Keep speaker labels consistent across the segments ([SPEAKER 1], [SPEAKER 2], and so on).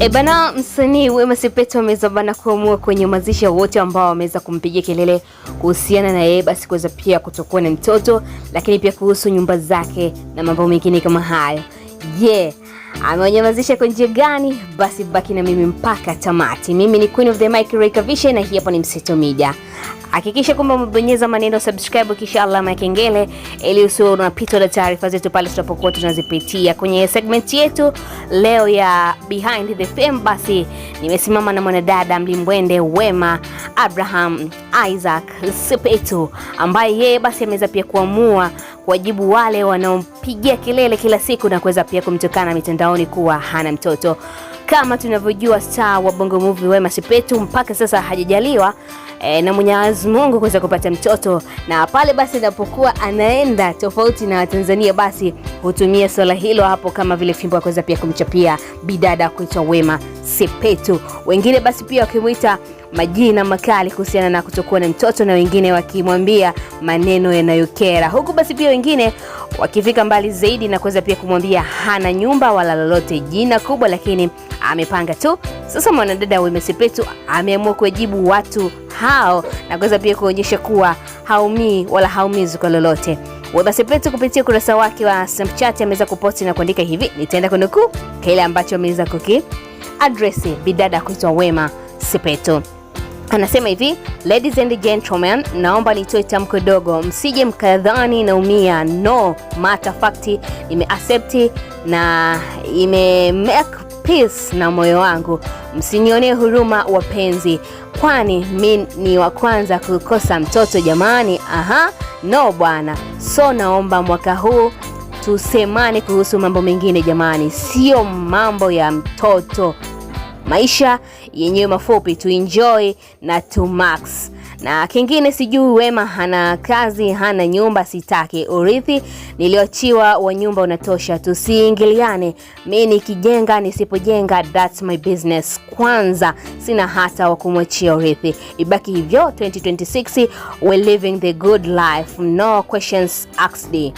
[SPEAKER 1] E bana, msanii Wema Sepetu ameweza bana kuamua kuwanyamazisha wote ambao wameweza kumpigia kelele kuhusiana na yeye basi kuweza pia kutokuwa na mtoto, lakini pia kuhusu nyumba zake na mambo mengine kama hayo. Je, yeah, amewanyamazisha kwa njia gani? Basi baki na mimi mpaka tamati. Mimi ni Queen of the Mic Rekavishe, na hii hapa ni Mseto Media. Hakikisha kwamba umebonyeza maneno subscribe kisha alama ya kengele ili usiwe unapitwa na taarifa zetu pale tutapokuwa tunazipitia kwenye segment yetu leo ya Behind the Fame. Basi nimesimama na mwanadada mlimbwende Wema Abraham Isaac Sepetu ambaye yeye basi ameweza pia kuamua kuwajibu wale wanaompigia kelele kila siku na kuweza pia kumtokana mitandaoni kuwa hana mtoto kama tunavyojua star wa Bongo Movie Wema Sepetu mpaka sasa hajajaliwa e, na Mwenyezi Mungu kuweza kupata mtoto, na pale basi anapokuwa anaenda tofauti na Watanzania, basi hutumia swala hilo hapo kama vile fimbo ya kuweza pia kumchapia bidada kuitwa Wema Sepetu, wengine basi pia wakimwita majina makali kuhusiana na kutokuwa na mtoto na wengine wakimwambia maneno yanayokera, huku basi pia wengine wakifika mbali zaidi na kuweza pia kumwambia hana nyumba wala lolote jina kubwa, lakini amepanga tu. Sasa mwanadada Wema Sepetu ameamua kuwajibu watu hao na kuweza pia kuonyesha kuwa haumii wala haumizi kwa lolote. Wema Sepetu kupitia ukurasa wake wa Snapchat ameweza kuposti na kuandika hivi, nitaenda kunukuu kile ambacho ameweza kuki adresi bidada kuitwa Wema Sepetu. Anasema hivi, ladies and gentlemen, naomba nitoe tamko dogo, msije mkadhani naumia. No matter fact, accept na ime make peace na moyo wangu. Msinionee huruma wapenzi, kwani mi ni wa kwanza kukosa mtoto jamani. Aha, no bwana. So naomba mwaka huu tusemane kuhusu mambo mengine jamani, sio mambo ya mtoto maisha yenyewe mafupi, tu enjoy na tu max. Na kingine sijui Wema hana kazi, hana nyumba, sitaki urithi niliochiwa wa nyumba unatosha, tusiingiliane. Mimi nikijenga, nisipojenga, that's my business. Kwanza sina hata wa kumwachia urithi, ibaki hivyo. 2026 we living the good life, no questions asked.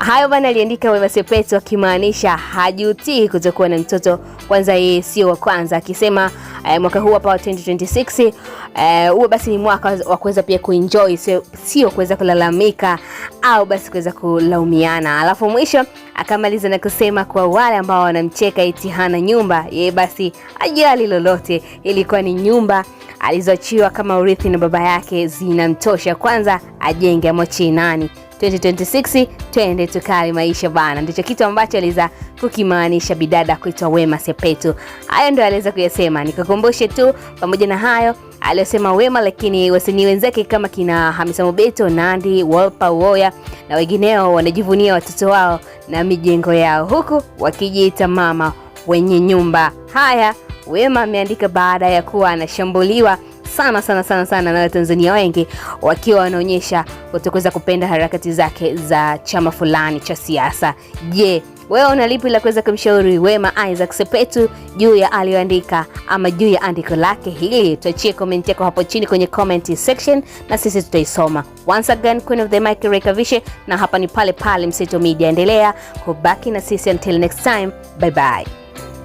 [SPEAKER 1] Hayo bana aliandika Wema Sepetu akimaanisha hajutii kutokuwa na mtoto, kwanza yeye sio wa kwanza, akisema eh, mwaka huu hapa 2026 eh, huo basi ni mwaka wa kuweza pia kuenjoy, sio kuweza kulalamika au basi kuweza kulaumiana. Alafu mwisho akamaliza na kusema kwa wale ambao wanamcheka eti hana nyumba, yeye basi ajali lolote, ilikuwa ni nyumba alizoachiwa kama urithi na baba yake zinamtosha, kwanza ajenge, mochi nani? 2026 twende tukali maisha bana, ndicho kitu ambacho aliweza kukimaanisha bidada kuitwa Wema Sepetu. Hayo ndio aliweza kuyasema. Nikukumbushe tu pamoja na hayo aliyosema Wema, lakini wasanii wenzake kama kina Hamisa Mobeto, Nandi, Wolpa Woya na wengineo wanajivunia watoto wao na mijengo yao huku wakijiita mama wenye nyumba. Haya Wema ameandika baada ya kuwa anashambuliwa sana sana sana sana na Watanzania wengi wakiwa wanaonyesha utaweza kupenda harakati zake za chama fulani cha siasa. Je, wewe una lipi la kuweza kumshauri Wema Isaac Sepetu juu ya aliyoandika ama juu ya andiko lake hili? Tuachie comment yako hapo chini kwenye comment section na sisi tutaisoma. Once again, Queen of the Mic Rekavishe, na hapa ni pale pale Mseto Media. Endelea kubaki na sisi until next time, bye bye.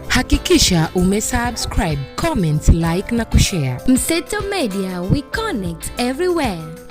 [SPEAKER 1] Hakikisha umesubscribe, comment, like na kushare. Mseto Media, we connect everywhere.